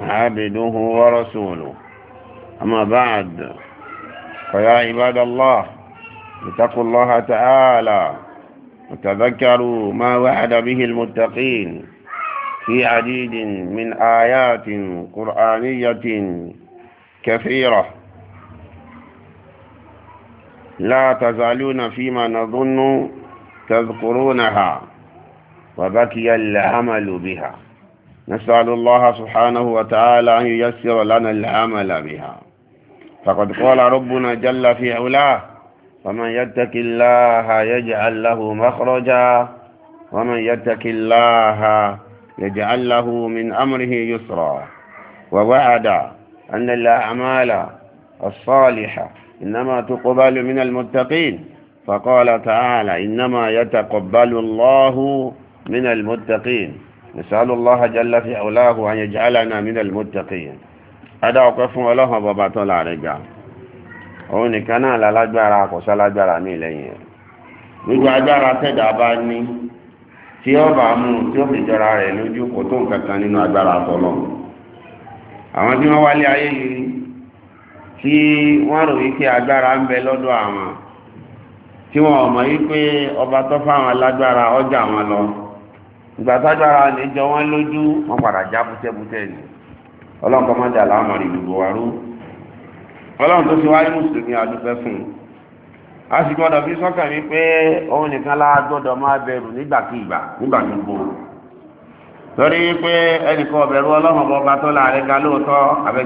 عبده ورسوله أما بعد فيا عباد الله اتقوا الله تعالى وتذكروا ما وعد به المتقين في عديد من آيات قرآنية كثيرة لا تزالون فيما نظن تذكرونها وبكي العمل بها نسأل الله سبحانه وتعالى أن ييسر لنا العمل بها فقد قال ربنا جل في علاه ومن يتق الله يجعل له مخرجا ومن يتق الله يجعل له من أمره يسرا ووعد أن الأعمال الصالحة إنما تقبل من المتقين فقال تعالى إنما يتقبل الله من المتقين نسأل الله جل في أولاه أن يجعلنا من المتقين هذا وقف الله بابا طلع رجع òun nìkan náà lálágbára kò ní ìlẹ́yìn rẹ̀ gbogbo agbára ní tí ó bá mú tí jọra rẹ̀ àwọn tí wálé ayé yìí tí rò wípé agbára ń bẹ àwọn tí wípé lọ ìgbà tágbára ní jọ wọn lójú wọn padà já bútẹ́bútẹ́ ni ọlọ́run kọ́ máa dàlá àmàlì wa ọlọ́run tó fi wáyé mùsùlùmí adúpẹ́ fún a sì gbọ́dọ̀ fi sọ́kàn mi pé òun nìkan la gbọ́dọ̀ máa bẹ̀rù nígbàkigbà nígbà gbogbo torí pé ẹnìkan ọ̀bẹ̀rù ọlọ́run tó láàrin ga lóòótọ́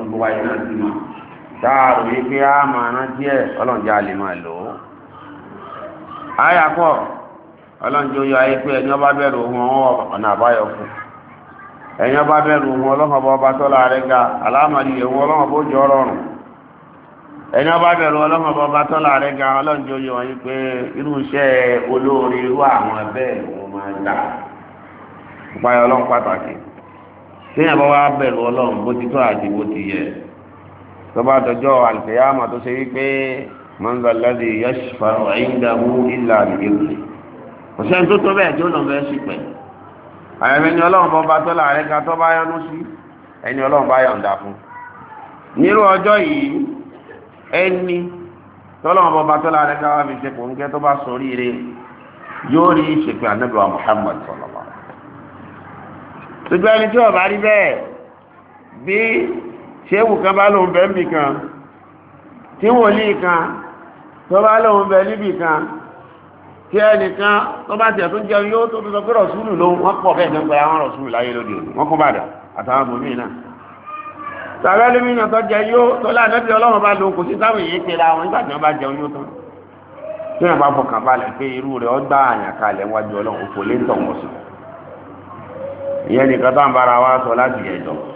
tí táàrù pé a máa rán díẹ̀ ọlọ́njẹ́ a lè máa lò ó. ayakọ̀ ọlọ́njẹ́ oyè ayé pé ẹni ọba bẹ̀rù ohun ọ̀hún ọ̀nà àbáyọ fún ẹni ọba bẹ̀rù ohun ọlọ́hàn rẹ̀ ga aláàmàlì ọlọ́hàn bó jọ rọrùn ẹni ọba bẹ̀rù ga ọlọ́njẹ́ pé irú iṣẹ́ olóore irú àwọn bẹ́ẹ̀ wọ́n máa ń dà tó bá dọjọ́ alìkìyàmà tó ṣe wípé mọ́ńdàládì yashfa indahu illa àdìgẹ́gẹ́ kò sẹ́ni tó tó bẹ́ẹ̀ tí ó lọ bẹ́ẹ̀ sí pẹ̀ àyẹ̀mẹ́ ni ọlọ́run bọ́ bá tó láàrin ká tó bá yánú sí ẹni ọlọ́run bá yọ̀ǹda fún nírú ọjọ́ yìí ẹni tọ́lọ́run bọ́ bá tó láàrin ká fi ṣe kò tó bá sọ oríire yóò rí ìṣèpè ànábì wa Muhammad ṣùgbọ́n ẹni tí ó ṣéwù kan bá lóun bẹ́ mì kan tí wọ́n lè kan tó bá lóun bẹ́ níbì kan tí ẹnìkan tó bá tiẹ̀ tó jẹun yóò tó sọ pé rọ̀súlù ló wọ́n pọ̀ bẹ́ẹ̀ tó ń pẹ́ àwọn rọ̀súlù láyé lóde òní wọ́n kún bàdà àtàwọn bòmí náà náà tó tó ń bára wa sọ láti ẹ̀dọ̀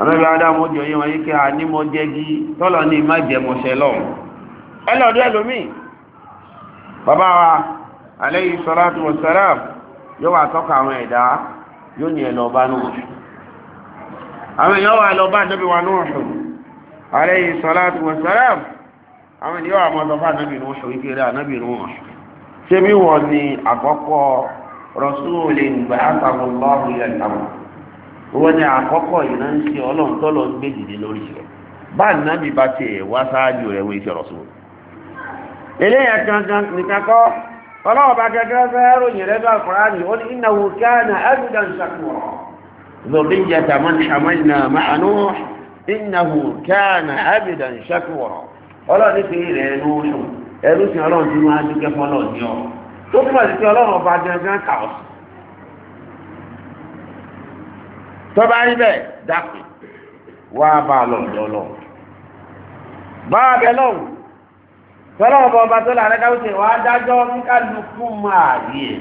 ọ̀nàbí adáwọn ojú ọyẹ́ wọn yí kí a ní mọ́ jẹ́gí tọ́lọ ní má jẹmọ̀ṣẹ́ lọ́wọ́ ẹlọ́dọ́ ẹlòmí bàbá wa alayhi salatu wa salam yóò wà tọ́ka àwọn ẹ̀dá yóò ní ẹlọ́ba náà àwọn èèyàn wà lọ́ba ànábì wa Nuhu alayhi salatu wa salam àwọn èèyàn wà mọ́ lọ́ba ànábì Nuhu ìkéré ànábì Nuhu ṣé wọ́n ni àkọ́kọ́ rasulin bàtàkùn wọ́n ní àkọ́kọ́ yìí ń ṣe ọlọ́run tọ́lọ́ ń gbé dìde lórí rẹ̀ báyìí náà bá ti wá sáájú rẹ̀ wọ́n ìṣẹ̀rọ̀ sóò eléyà gangan nìkan kọ́ ọlọ́run bá gẹ́gẹ́ fẹ́ ròyìn rẹ̀ lọ́wọ́ ó ní innahu kana abdan shakura dhurriyyata man hamalna ma'a shakura ọlọ́run ti rẹ̀ ọlọ́run ní tọ́ba rí bẹ́ẹ̀ dápè wá bá a lọ ọ̀dọ́ lọ. bá a bẹ lọ́wọ́ tọ́lọ́wọ́ bá ọba tó láàrin káwọ́sẹ̀ wá dájọ́ kíkàlù fún máa rí ẹ̀.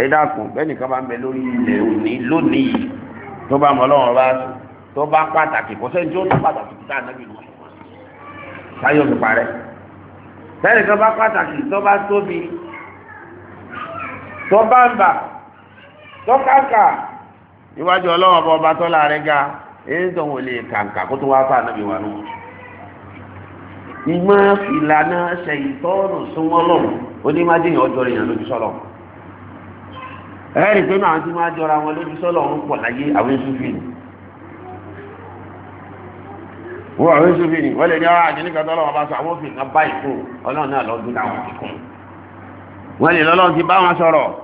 ẹ dákun bẹ́ẹ̀ni kan bá ń bẹ lórí ilẹ̀ òní lónìí tó bá mọ lọ́wọ́ bá sùn tó bá pàtàkì kò sẹ́ni tí ó tó pàtàkì tó dáa nábì lọ́wọ́ sáyọ̀ mi parẹ́. bẹ́ẹ̀ni kan bá pàtàkì tó tóbi tó ń bà tó níwájú ọlọ́wọ́ ọba ọba tọ́lá rẹ̀ ga èyí tó wọ́n kàǹkà kó tó wá fà níbi wà nù. ìmọ̀ ìlànà ṣèyítọ́ọ̀nù súnmọ́ lọ́wọ́ onímájìyàn ọjọ́ rẹ̀ lójú sọ́lọ̀ ẹ̀rì pé jọra wọn lójú sọ́lọ̀ ń pọ̀ láyé àwọn wọ́n àwọn wọ́n lè ní ara bá sọ àwọn òfin báyìí fún ọlọ́run náà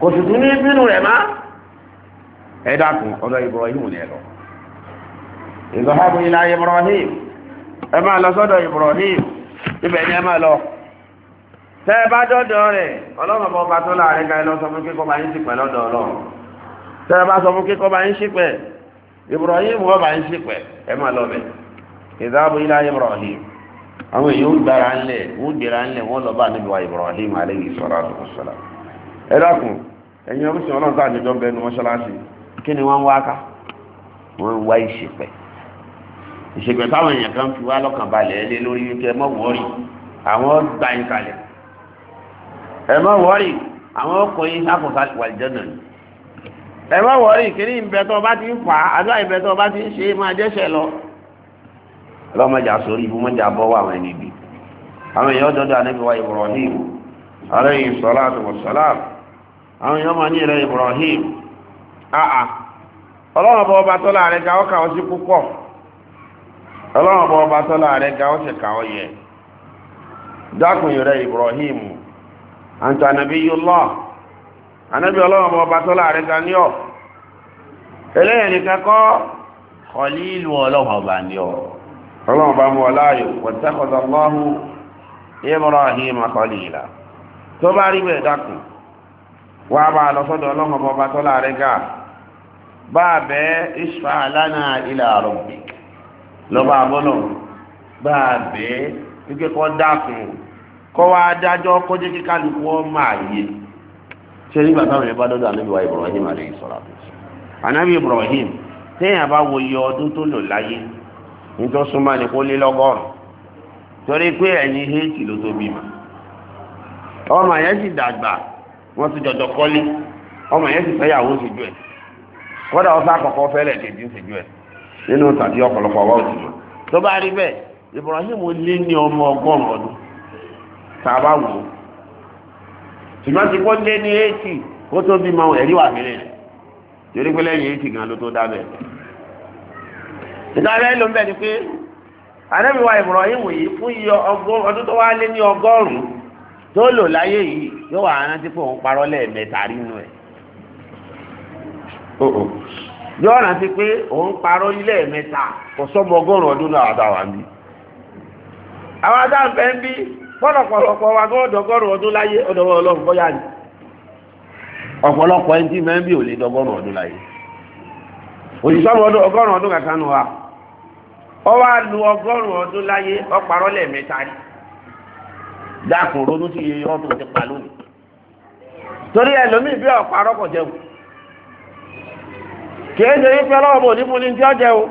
kò sì tún ní bínú rẹ̀ má ẹ dákun Ibrahim ni ẹ lọ Ibrahim ẹ máa lọ sọ́dọ̀ Ibrahim ibẹ̀ ni ẹ máa lọ tẹ́ ẹ bá dọ́dọ̀ rẹ̀ ọlọ́run bọ́ tó láàrin ká ẹ lọ sọ fún kíkọ́ bá yín lọ́dọ̀ Ibrahim wọ́n bá yín sípẹ̀ ẹ máa lọ bẹ̀ ìzọ̀hábù Ibrahim àwọn èèyàn ń gbára ńlẹ̀ ńlẹ̀ wọ́n lọ bá níbi wa Ibrahim ẹ̀dàkùn ẹ̀yìn ọmọ sí ọlọ́run tó àjọjọ́ ń bẹ mọ́ṣáláṣí kí ni wọ́n ń wá wọ́n ń wá ìṣèpẹ̀ ìṣèpẹ̀ táwọn èèyàn kan fi wá lọ́kàn balẹ̀ ẹ lé lórí wípé ẹ wọ́ọ̀rì àwọn gbà yín kalẹ̀ ẹ wọ́ọ̀rì àwọn ọkọ̀ yín sáfọ̀sá ẹ wọ́ọ̀rì ìbẹ̀tọ̀ bá ti ń fà àdúrà ìbẹ̀tọ̀ bá ti ń ṣe máa jẹ́ṣẹ̀ lọ ọlọ́mọdé àsórí ibú mọ́jà wà àwọn ẹni bí àwọn èèyàn àwọn èèyàn Ibrahim àà ọlọ́run ọba tọ́lá ga ọkà ọsí púpọ̀ ọlọ́run ọba tọ́lá rẹ̀ ga ọsẹ̀ ká ọyẹ dákun ilẹ̀ Ibrahim anta ọlọ́run ọba tọ́lá rẹ̀ ga ní ọ̀ eléyìí nìkan kọ́ kọlílù ọlọ́run ọba ní ọ̀ ọlọ́run bá mú ọ láàyò Ibrahim tó bá rí bẹ́ẹ̀ Wa bá a lọ sọ́dọ̀ ọlọ́run ọba tọ́lá rẹ̀ gà bá bẹ́ ìṣfà lánà ila rabbik lọ́ba àbọ́nà bá bẹ́ kíkẹ́ dákun kọ́ dájọ́ kó jẹ́ kí kálukú ọ́ máa yé nígbà táwọn Ibrahim alayhi salatu ànábì Ibrahim téèyàn bá wo iye ọdún tó lò láyé ni kó lé lọ́gọ́rùn torí pé wọ́n ti jọjọ kọ́lé ọmọ yẹn sì fẹ́yàwó ṣojú ẹ̀ kọ́dà ọ̀sán àkọ́kọ́ fẹ́lẹ̀ kejì ṣojú ẹ̀ nínú tàbí ọ̀pọ̀lọpọ̀ wa ò sì tó bá rí bẹ́ẹ̀ Ibrahim lé ní ọmọ ọgọ́rùn ọdún tá a bá wò ó ṣùgbọ́n ti lé ní eighty kó tó ẹ̀rí wà torí pé lẹ́yìn eighty gan ló tó dá bẹ́ẹ̀. ni tó lò láyé yìí yóò wà parọ́ lẹ́ẹ̀mẹ́ta ẹ̀ oh, oh. yóò rántí pé òun parọ́ kò sọ́mọ ọgọ́rùn-ún ọdún náà àtàwà àwọn adáǹfẹ́ ń bí wa gán ọ̀dọ́gọ́rùn ọdún láyé ọdọ̀wọ́ ọlọ́run bọ́yá ni ọ̀pọ̀lọpọ̀ ẹni tí mẹ́bí ò lè dọ́gọ́rùn ọdún láyé òṣìṣọ́rùn ọdún ọgọ́rùn ọdún kàkánù wa ọ wá lu ọdún láyé rí dákun ronú sí iye yọ tó ti pa lónìí torí ẹlòmíì bí ọ̀pọ̀ arọ́pọ̀ jẹun kìí ṣe wípé ọlọ́run bò ní fún ní tí ó jẹun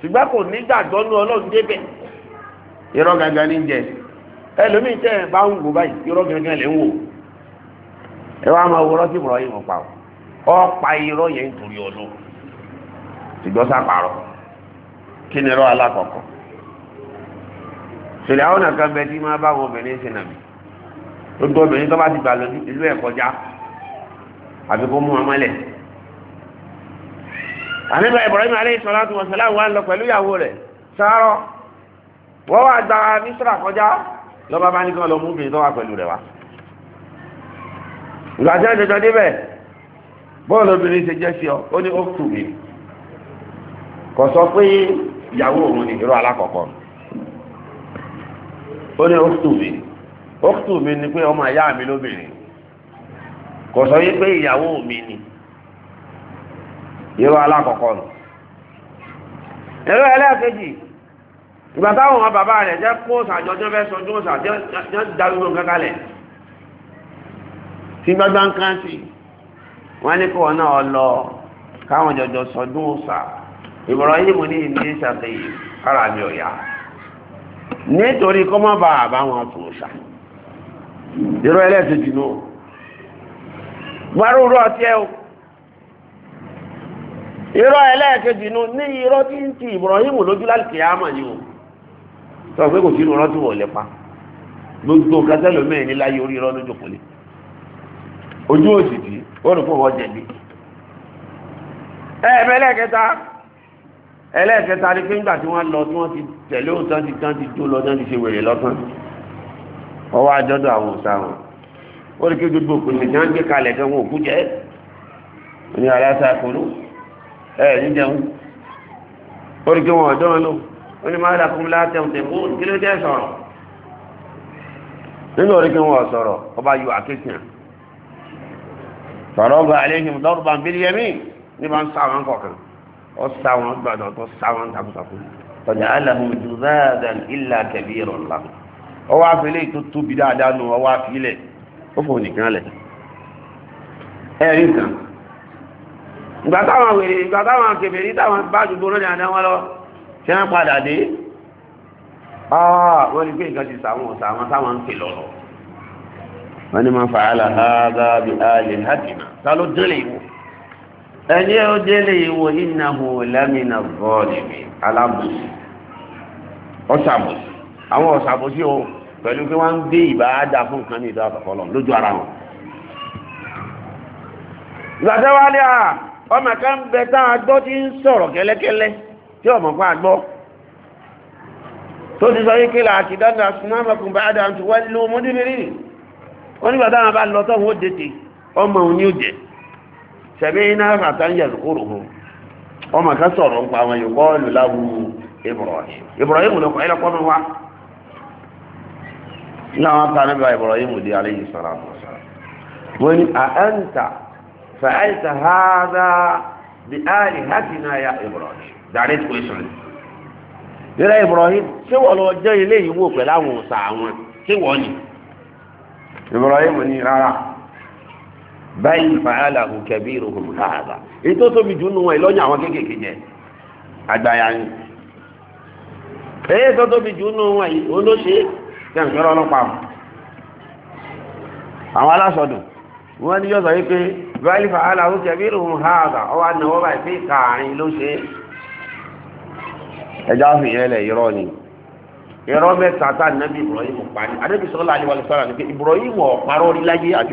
ṣùgbọ́n kò ní gbàgbọ́ ní ọlọ́run débẹ̀ irọ́ gangan ní jẹ ẹlòmíì tẹ́ ẹ bá ń wò báyìí irọ́ gangan lè ń wò ẹ wá máa wúrọ́ sí yìí mọ̀ pa ọ́ pa irọ́ yẹn nítorí ọlọ́run ṣùgbọ́n sàpàrọ̀ kí ni irọ́ alákọ̀ọ́kọ́ tòlẹ̀ àwọn nǹkan bẹ tí máa bá àwọn obìnrin ṣe nàbì gbogbo obìnrin tó bá ti gbà lójú ìlú ẹ̀ kọjá àbí kó mú ọmọ lẹ̀. àníbà Ibrahim aleyhi salatu wa salam wà lọ pẹ̀lú ìyàwó rẹ̀ sáárọ̀ wọ́n wá gba Mísírà kọjá lọ́ba bá ní kí wọ́n lọ mú obìnrin tó wà pẹ̀lú rẹ̀ wá. ìgbà tí wọ́n jọjọ débẹ̀ bọ́ọ̀lù obìnrin ṣe jẹ́ sí ọ ó ní ó kù mí kò sọ pé ìyàwó òun ni irú alákọ̀ọ́kọ́ mi. ó ní ọ́kùtù mi ni pé ọmọ ìyá mi lóbìnrin kò sọ yí pé ìyàwó mi ni irú alákọ̀ọ́kọ́ nù irú ẹlẹ́ẹ̀kejì ìgbà táwọn bàbá rẹ̀ jẹ́ kó sàjọ jẹ́ fẹ́ sọjú ọ̀sà jẹ́ darúgbó tí gbàgbà ń ní kó náà lọ káwọn jọjọ sọdún yìí mo ní ìdí ara mi ò yá. nítorí kọ́ mọ́ bá àbá wọn tó ṣà ìrọ̀ ẹlẹ́sìtì gbárù rọ̀ tí ẹ o ìrọ̀ ẹlẹ́ẹ̀kejì inú ní irọ́ tí ń ti lójú àmà ni o sọ pé kò sínú ọ̀rọ̀ tí wọ́n lè pa gbogbo kátẹ́lò mẹ́rin ní láyé ẹlẹ́ẹ̀kẹta ni pé ńgbà tí wọ́n lọ tí wọ́n ti tẹ̀lé òun tán ti tán ti dó lọ tán ti ṣe wèrè lọ́tàn ọwọ́ àjọ́dọ̀ àwọn òòṣà wọn ó rí kí gbogbo òpèsè tí wọ́n gbé kalẹ̀ kan wọn òkú jẹ́ ní aláṣà kúrú ẹ̀ ní jẹun ó rí kí wọn ọ̀dọ́ wọn lò ó ní máa dàkún látẹ̀hún tẹ̀ fún kí ló jẹ́ sọ̀rọ̀ nínú orí kí wọn sọ̀rọ̀ ọba yóò àkékèyàn sọ̀rọ̀ ọba àlejò dọ́rùbà bílíẹ̀mí ọ̀sá wọn gbàdọ̀ tó sá wọn takuntakù ọ̀dà aláhùn jùzáàdàn ilà kẹbí ìrọ̀lá ọwọ́ afẹ́lẹ́ tó tóbi dáadáa nù ọwọ́ afílẹ̀ ó fò nìkan lẹ̀ ẹ̀rí nǹkan ìgbà táwọn wèrè ìgbà táwọn kèfèrí táwọn bá dùgbò náà ní àdáwọn lọ tí wọ́n padà dé ah wọ́n pé nǹkan ti sàwọn ọ̀sàwọn táwọn ń pè lọ́rọ̀ wọ́n ní máa fàálà ha bá bí a hàtìmá ta ló délé ìwò ẹni ó délé ìwò ìnáwó lẹ́mìnà bọ́ọ̀lì alábùsì ọ̀sàbùsì àwọn ọ̀sàbùsì o pẹ̀lú pé wọ́n ń gbé ìbáadà fún kan ní ìdá àkọ́kọ́ lójú ara wọn. ìgbàdéwálé a ọmọ kan ń bẹ tá a gbọ́ tí ń sọ̀rọ̀ kẹ́lẹ́kẹ́lẹ́ tí ọmọ kan gbọ́ tó ti sọ yín kí làákì dáadáa sùnámọ̀kùn bá dáa tó wá lómọdébìnrin onígbàdá wọn bá lọ ó ọmọ òun ni ó sẹ̀mí iná àtàyè kúrò hù ọmọ kan sọ̀rọ̀ nípa àwọn yòókọ́ lùláwù Ibrahim Ibrahim ló kọ́ ẹlẹ́kọ́ mi wá láwọn ta níbi Ibrahim di alayhi salatu wa na ya Ibrahim direct question ìrẹ́ Ibrahim wọ́n lọ jẹ́ ilé báyìí fàyàlà hù kẹbí ìròhùn káàdà èyí tó tóbi jù wọn ìlọ́yìn àwọn kéékèèké yẹn àgbáyà ni èyí tó tóbi jù nù wọn olóṣè tẹ̀síọ́rọ́ ọlọ́pàá àwọn aláṣọdùn wọ́n ní yọ́ sọ wípé báyìí fàyàlà hù kẹbí ìròhùn káàdà ọwọ́ àdìnàwó báyìí fi kààrin ẹjọ́ àfihàn ni mẹ́ta tá pa orílẹ̀-èdè àti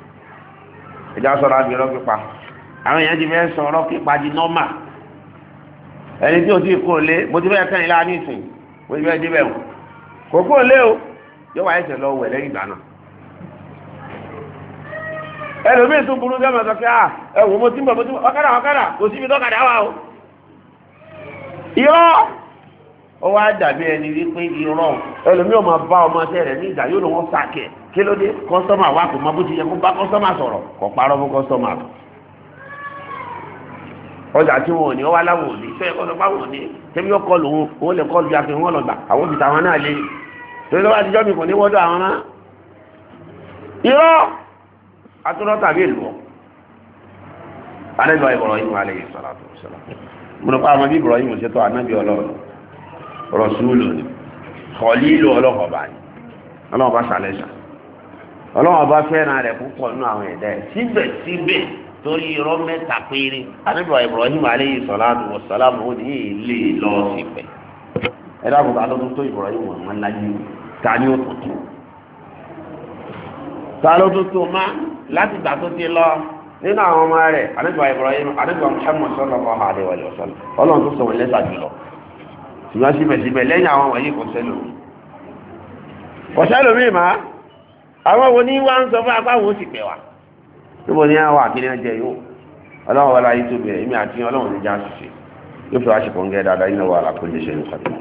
ẹjọ́ sọ̀rọ̀ àbí ọ̀rọ̀ pípa àwọn èèyàn ti fẹ́ sọ ọ̀rọ̀ pípa di nọ́mà ẹni tí o ti kó lé mo ti fẹ́ kẹ́yìn láàánú ìsìn mo ti fẹ́ dé bẹ̀rù kò kó lé o yóò wáyé ṣe lọ wẹ̀ lẹ́yìn ìgbà náà ẹlòmíì tún burú sẹ́mi ọ̀sán kí á ẹ̀wọ̀n mo ti ń bọ̀ mo ti ń bọ̀ ọ̀kadà ọ̀kadà kò síbi tọ́kadà wà o irọ́ ó wá dàbí ẹni wípé irọ́ ẹlòmíì ọmọ bá ọmọ ṣẹ́ rẹ̀ ní ìgbà yóò lọ wọ́n sàkẹ́ kí ló dé kọ́sọ́mà wa kò mọ bó ti yẹ kó bá kọ́sọ́mà sọ̀rọ̀ kò parọ́ fún kọ́sọ́mà rẹ̀ ọjà tí wọn ò ní ọwọ́ aláwọ̀ òní tó yẹ kọ́sọ́mà wọn ò ní tẹ́mi yóò kọ́ lòun òun lè kọ́ lu yàtọ̀ wọn lọ́gbà àwọn òbí tàwọn náà lé torí lọ́wọ́ àtijọ́ mi kò ní wọ́dọ̀ àwọn náà irọ́ atúrọ́ tàbí ìlú anábì Ibrahim alayhi salatu wasalam mo ní pa àwọn bí Ibrahim ṣe tó anábì ọlọ́run rọ̀ṣúlù ni kọ̀lí ìlú ọlọ́kọ̀ọ́bà ni ọlọ́run bá ṣàlẹ̀ ṣàlẹ̀ ọlọ́wọ́n bá fẹ́ràn rẹ̀ púpọ̀ nínú àwọn ẹ̀dá ẹ̀ síbẹ̀síbẹ̀ torí irọ́ mẹ́ta péré anábìwá Ibrahim aleyhi sọláàdù wasalaam ó ní ilé lọ síbẹ̀ ẹ dáàbò ká lọ́dún tó Ibrahim wọn wọn láyé ta ni ó tó tó ta ló tó tó má láti gbà tó ti lọ nínú àwọn ọmọ rẹ̀ anábìwá Ibrahim anábìwá Muhammad sallallahu alaihi wa sallam ọlọ́run tó sọ wọn lẹ́sà jùlọ ṣùgbọ́n síbẹ̀síbẹ̀ lẹ́yìn àwọn wọ̀nyí kò sẹ́lò kò sẹ́lò mí máa àwọn wo ní wá ń sọ fún apá wo sì pẹ̀ wá níbo ni àwọn àkíní ẹjẹ yóò ọlọ́run wọlé ayé tó bẹ̀rẹ̀ èmi àti ọlọ́run ní já ṣiṣẹ́ yóò fi wá ṣe kọ́ńgẹ́ dáadáa iná wà lápò lè ṣe nǹkan tó.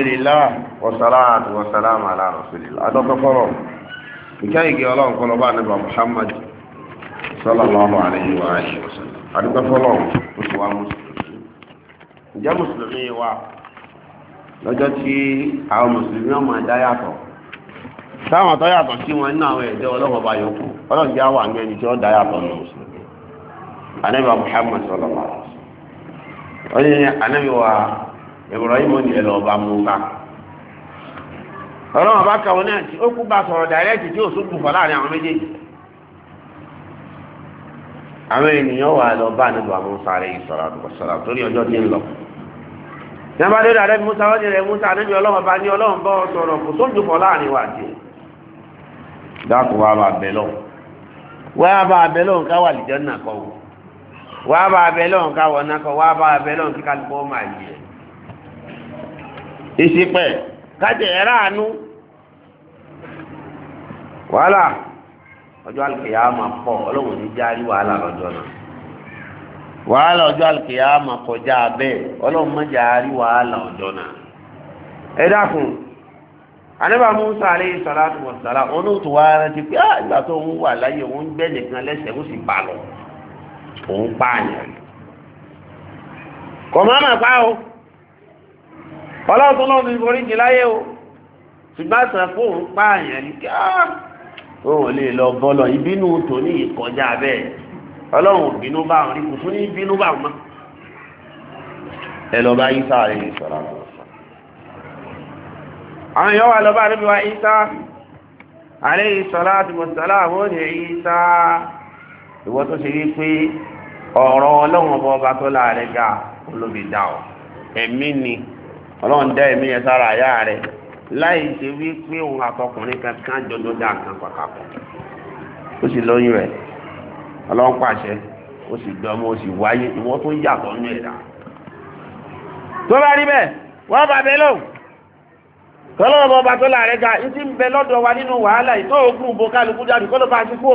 alhamdulillah wasalaatu wasalaamu ala rasulillah adọ́kọ́kọ́rọ̀ ìkẹ́ muhammad sallallahu alaihi wa sallam adọ́kọ́kọ́rọ̀ ó sì wá mùsùlùmí ǹjẹ́ musulmi wa lọ́jọ́ tí àwọn mùsùlùmí ọmọ ẹ̀dá yàtọ̀ táwọn tó yàtọ̀ sí wọn nínú àwọn ẹ̀dẹ́ muhammad sallallahu wa Ibrahim ní ẹ lọ́ọ́ bá Musa ọlọ́run kàwọn náà tí ó kú bá sọ̀rọ̀ dàrẹ́tì tí ó sókù fọ́ láàrin àwọn méjèèjì àwọn ènìyàn wà lọ bá nílùú àwọn sáré ìsọ̀rọ̀ àdùkọ̀sọ̀rọ̀ torí ọjọ́ Musa wọ́n ti Musa níbi ọlọ́run bá ní ọlọ́run bọ́ sọ̀rọ̀ kò fọ́ láàrin jẹ́ bá bẹ lọ wá bá bẹ lọ wà wá ìṣìpẹ̀ kájẹ̀ ẹ̀rá wàhálà ọjọ́ àlùkìyà máa pọ̀ ọlọ́run ní járí wàhálà lọ́jọ́ náà wàhálà ọjọ́ àlùkìyà máa kọjá bẹ́ẹ̀ ọlọ́run má járí wàhálà ọjọ́ náà ẹ dákun àníbà musa aleyhi salatu wa salam onótò wa rántí pé àgbà ah, tó ń wà láyé òun gbẹ́ nìkan lẹ́sẹ̀ ó sì bà lọ òun pààyàn o. ọlọ́run náà ti forí jì láyé o ṣùgbọ́n àtàn fóun pààyàn ní kí ah, òun lè lọ bọ́lọ̀ ìbínú tòní ìkọjá bẹ́ẹ̀ ọlọ́run ìbínú bá wọn rí kò tún ní ìbínú bá wọn. ẹ lọ bá yín sáà lẹ́yìn sọ̀rọ̀ àwọn ọ̀sán. àwọn èèyàn wà lọ bá ìsá àlẹ́yìn sọ̀rọ̀ àti mọ̀sálà àwọn ìsá ìwọ tó ṣe wí ọlọ́run dá ẹ̀mí yẹn sára àyà rẹ̀ láì ṣe wí pé òun àtọkùnrin kankan jọjọ dá nǹkan pàkàpọ̀ ó sì lóyún rẹ, ọlọ́run pàṣẹ ó sì dọ́mọ ó sì wáyé ìwọ́n tó ń yàtọ̀ nínú ẹ̀dá tó bá rí bẹ́ẹ̀ wọ́n bá bẹ́ẹ̀ lóhùn tọ́lọ́wọ́ bọ́ tó ga ìtí ń bẹ lọ́dọ̀ wa nínú wàhálà ìtọ́ ogun kálukú jáde ló bá ti kú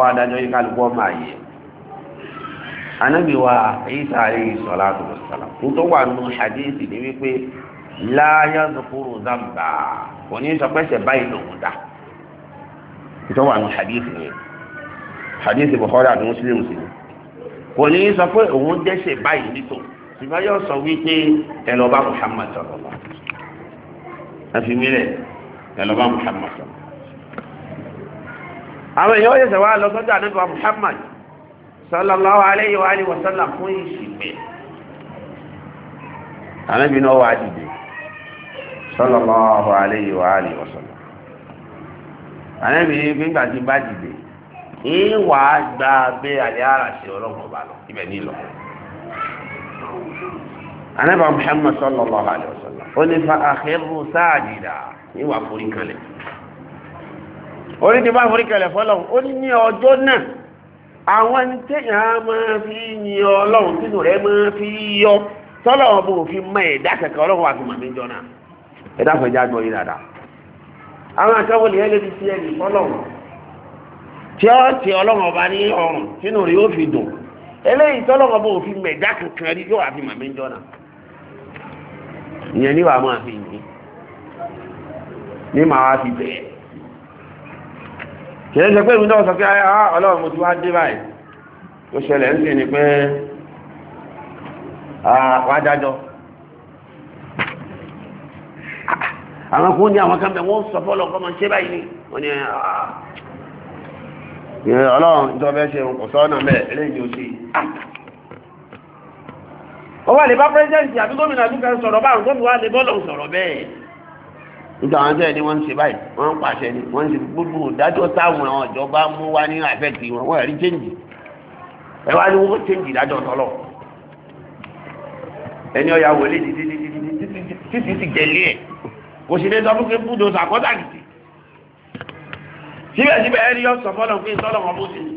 wa adájọ́ kálukú wasallam tó tó wà nù hadith ni wípé láyà zukuru zamba kò ní sọ pé ṣe báyìí lòun dá tó wà nù hadith ni hadith bukhari àti muslim sí kò ní sọ pé òun dẹ́ṣẹ̀ báyìí nítò ṣùgbọ́n yóò sọ wípé ẹ lọ bá muhammad sallallahu àfi mílẹ̀ ẹ muhammad sallallahu àwọn èèyàn yóò ṣe wá lọ sọ́jà nípa muhammad sallallahu alayhi wa alihi wa sallam fún ìṣìgbẹ́ ànábì náà wà dìde sallallahu alayhi wa alihi wa sallam ànábì nígbà tí bá dìde ìwà gba abẹ àlẹ àràṣẹ ọlọ́run ọba lọ ibẹ̀ ní lọ ànábì muhammad sallallahu alayhi wa sallam ó ní fa akhiru sajida ìwà forí kalẹ̀ orí ti bá forí kalẹ̀ fọ́lọ́run ó ní ní náà àwọn ẹni máa fi yin Ọlọ́run tínú rẹ̀ máa fi yọ tọ́lọ̀ ọ̀bùn òfin mọ ẹ̀dá kẹ̀kẹ́ ọlọ́run àti màmí jọ náà ẹ̀dá fẹ̀já gbọ́ yìí dáadáa àwọn akẹ́wọ̀n lè lè fi sí ẹ̀mí ọlọ́run tí ó ti ọlọ́run ọba ní ọrùn sínú rí ó fi dùn eléyìí tọ́lọ̀ ọ̀bùn òfin mọ ẹ̀dá kẹ̀kẹ́ rí yóò àfi màmí jọ náà ìyẹn ní wàá máa fi yìí ní màá wá fi bẹ̀ẹ́ kìí ṣe pé ìmúdọ̀ sọ pé ah, ọlọ́run mo ti wá dé báyìí ó ṣẹlẹ̀ ń sìn ni pé Ah, wọ́n adájọ́ àwọn kò ní àwọn kan bẹ̀ wọ́n sọ fọ́lọ̀ kọ́ mọ̀ ṣe báyìí ni wọ́n ni ah, ọlọ́run ìjọ bẹ́ẹ̀ ṣe kò sọ ọ́nà bẹ́ẹ̀ eléyìí ó sì ó wà lè bá pírẹ́sẹ̀ǹtì àbí gómìnà àbí kan sọ̀rọ̀ báwọn gómìnà wà lè bọ́ọ̀lù sọ̀rọ̀ bẹ́ẹ̀ nígbà wọn bẹ́ẹ̀ ni wọ́n ń ṣe báyìí wọ́n ń pàṣẹ ni wọ́n ń ṣe gbogbo ìdájọ́ táwọn ìjọba mú wá ní àfẹ́tì wọn wọ́n rí chẹ́ǹjì ẹ wá ẹni ọ̀yà wọlé títí ti gẹ̀lé ẹ̀ kò sì lè sọ fún pé búdò sàkọ́tà nìtì síbẹ̀síbẹ̀ ẹni yọ sọ fọ́lọ̀ pé sọ́lọ̀ wọn bó ti ní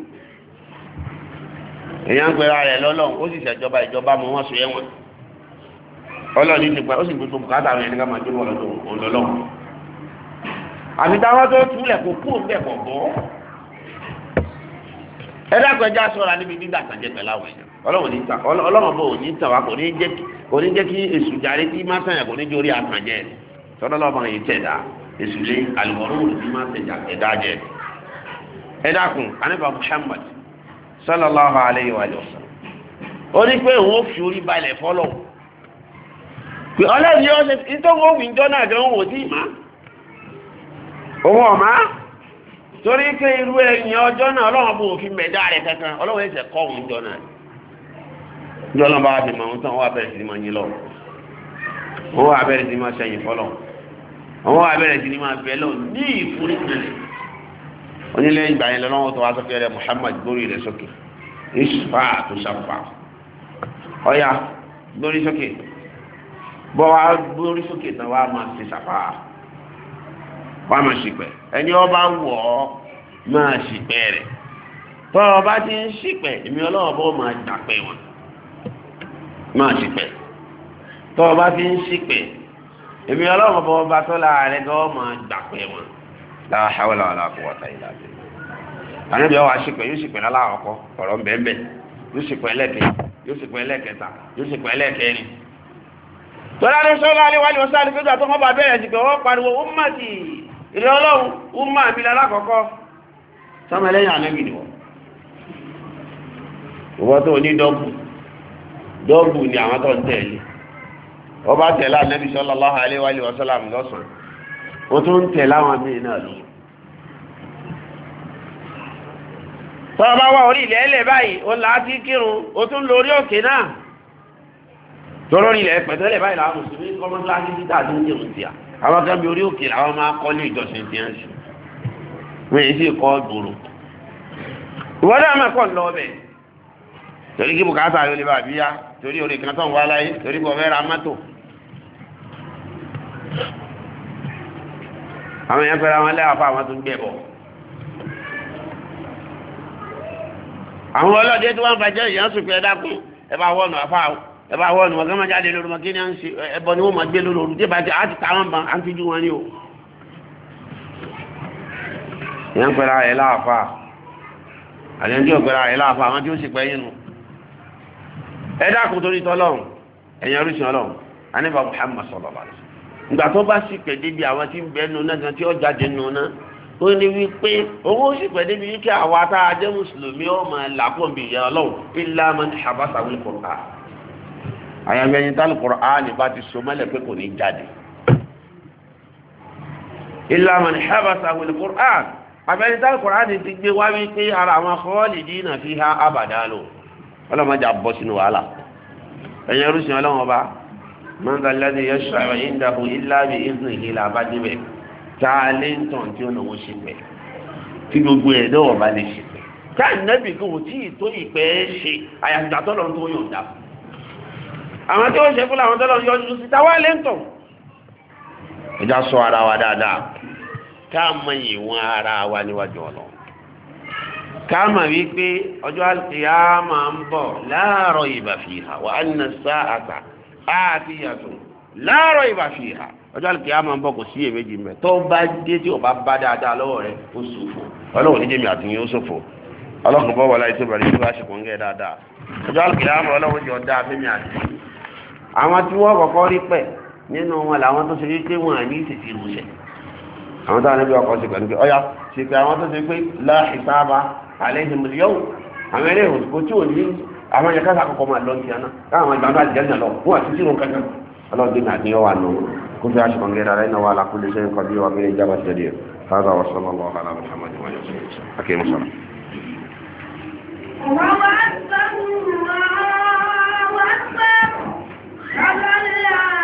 èyàn ń pera rẹ̀ lọ́lọ́run ó sì ṣèjọba ìjọba mọ́ wọ́n sọ ẹ́ wọn ọlọ́ọ̀ni ti pẹ́ ó sì gbogbo bùkátà rẹ̀ nígbà máa jókòó lọ́dọ̀ ọlọ́lọ́run àfi táwọn tó túlẹ̀ kó kú òun bẹ̀ bọ̀ bọ́ ẹ dákun ẹja sọ̀rọ̀ níbi dídà àtàjẹ pẹ̀lú àwọn èèyàn ọlọ́run ní ta ọlọ́run bò ní ta wa kò ní jẹ́ kò ní jẹ́ kí èṣù jáde tí má sànyà kò ní jórí yìí tẹ̀dá lé alùpùpù má tẹ̀dá ẹ̀dá anábà fi orí balẹ̀ fọlọ́ pé ọlọ́run yóò ṣe nítorí wọn wí náà gan wò sí ìmá òun torí pé irú ẹ̀yìn ọjọ́ náà ìjọ náà bá fi màwọn tán wọn abẹ́rẹ́ sí ni lọ wọn abẹ́rẹ́ sí ni fọlọ wọn abẹ́rẹ́ sí bẹ lọ ní ìfúnni kan onílé ìgbà yẹn lọ́wọ́ tó wá sókè rẹ Muhammad gbórí rẹ sókè ìṣùpá tó ṣàpá ọ̀yà gbórí sókè bọ́ wa gbórí sókè tán wa máa ṣe ṣàpá wa máa ṣìpẹ̀ ẹni ọba wọ̀ ọ́ máa ṣìpẹ̀ rẹ̀ tọ́ ọba ti ń ṣìpẹ̀ èmi ọlọ́wọ́ bọ́ máa dàpẹ́ wọn. máa ṣìpẹ̀ tó o bá fi ń ṣìpẹ̀ èmi ọlọ́run bọ́ ọba tó láàárẹ̀ gan máa gbà pé wọn la hawla wala quwwata illa billah àníbi ọwọ́ àṣìpẹ̀ yóò ṣìpẹ̀ láláàkọ́ ọ̀rọ̀ ń bẹ́ẹ̀ bẹ́ẹ̀ yóò ṣìpẹ̀ ẹlẹ́kẹ̀ yóò ṣìpẹ̀ ẹlẹ́kẹta yóò ṣìpẹ̀ ẹlẹ́kẹrin tọ́lá ní sọ́lá ní wàlúù sáà ní pẹ́jọ́ bá bẹ̀rẹ̀ ṣìpẹ̀ wọ́n pariwo ummati ìrẹ́ ọlọ́run umma mi lálákọ̀ọ́kọ́ sọ́mọ ẹlẹ́yìn dọ́ọ̀bù ni àwọn tó ń tẹ̀lé ọ bá tẹ̀lá ànábì sallallahu alaihi wa lọ́sàn-án wọ́n tún ń tẹ̀lé àwọn míì náà lọ. tọ́wọ́ bá wà orí ilẹ̀ ẹlẹ̀ báyìí ó là á kírun ó tún lórí òkè náà tọ́rọ ilẹ̀ pẹ̀tẹ́lẹ̀ báyìí làwọn mùsùlùmí ní torí orí kan tó ń wá láyé torí bọ̀ fẹ́ ra mọ́tò. àwọn èèyàn pẹ̀lú àwọn ẹlẹ́wàá fún àwọn tó ń gbé bọ̀. àwọn ọlọ́dẹ tó wọ́n fàjẹ́ ìyá sùn pé ẹ dákun ẹ bá wọ́ọ̀nù àfa o ẹ bá wọ́ọ̀nù ọ̀gá máa jáde lóru mọ́kí ni à ń ṣe ẹbọ ni wọ́n máa gbé lóru òru tí bá ti àti táwọn bá à ń fi wọn ni o. èèyàn pẹ̀lú àwọn ẹlẹ́wàá fà àlẹ́ ń tí ò pẹ̀lú àwọn ẹlẹ́wàá fà àwọn tí ó sì pẹ́ yín nù ẹ dákun torí tọ́lọ́run ẹ̀yin orísun ọlọ́run aníbà Muhammad sallallahu alaihi wasallam ìgbà tó bá sì pẹ̀ débi àwọn tí ń bẹ nu náà kan tí ó jáde nu náà ó ní wípé owó sì pẹ̀ débi wípé àwa tá a jẹ́ mùsùlùmí ó máa làákùn bí ìyá ọlọ́run illa man habasa wí kọ̀ọ̀ká àyàfi ẹni tá Al-Qur'an bá ti so mọ́lẹ̀ pé kò ní jáde illa man habasa wí kọ̀ọ̀ká àbẹ̀ni tá Al-Qur'an ti gbé wá wípé ara àwọn khalidina fiha ọlọ́mọdé àbọ̀ sínú wàhálà ẹ̀yẹ rúṣin ọlọ́wọ́n bá mọ́ńgà lẹ́dí yẹ́sùn àwọn ìdáhùn ìlàbí ìsìn ìhìlà bá débẹ̀ tá a lé ń tàn tí ó lọ́wọ́ ṣe pẹ̀ tí gbogbo ẹ̀ lọ́wọ́ bá lè ṣe pẹ̀ tá ìnẹ́bì kò tí ì tó ìpẹ́ ṣe àyàtúndà tọ́lọ́ tó yàn dà àwọn tí ó ṣe fún làwọn tọ́lọ́ yọ ju síta wá lé ń tàn. ìjà sọ ara wa dáadáa ká mọ ìwọ̀n ara wa níwájú ọlọ́run káàmà wípé ọjọ́ àlùkìyámà ń bọ̀ láàárọ̀ ìbà fi hà wà á nà sá àtà àti yàtọ̀ láàárọ̀ ìbà fi hà ọjọ́ àlùkìyámà ń bọ̀ kò sí èméjì mẹ́ tó bá dé tí ò bá bá dáadáa lọ́wọ́ rẹ̀ ó ṣòfò ọlọ́run ní jẹ́mi àtúnyẹ́ ó ṣòfò ọlọ́run bọ́ wọlé tó bẹ̀rẹ̀ ìlú àṣepọ̀ ń gẹ́ dáadáa ọjọ́ àlùkìyámà ọlọ́run jọ dáa fẹ́mi àti àwọn tí wọ́n kọ́kọ́ rí pẹ̀ nínú wọn làwọn tó ṣe wípé wọn à ní ìsìtì àwọn táwọn ẹbí ọkọ̀ ṣe pẹ̀lú pé ọyá ṣe pé àwọn tó ṣe pé láìsáàbà alẹ́ ìdìmọ̀lì yọ̀wò àwọn eré òsìkò tí ò ní àwọn ẹ̀yẹ káṣà kọ̀kọ́ máa lọ tiẹ̀ náà káwọn ìgbà náà jẹ́ nàlọ́ fún àtúntì ìrùn kankan ọlọ́dún náà ni ó wà nù kófí aṣọ̀kan gẹ́gẹ́ rẹ̀ náà wà lákúlé sẹ́yìn kan bí wà bí ìjábá ti dẹ̀ fáza wa sọ́lọ́lọ́ ala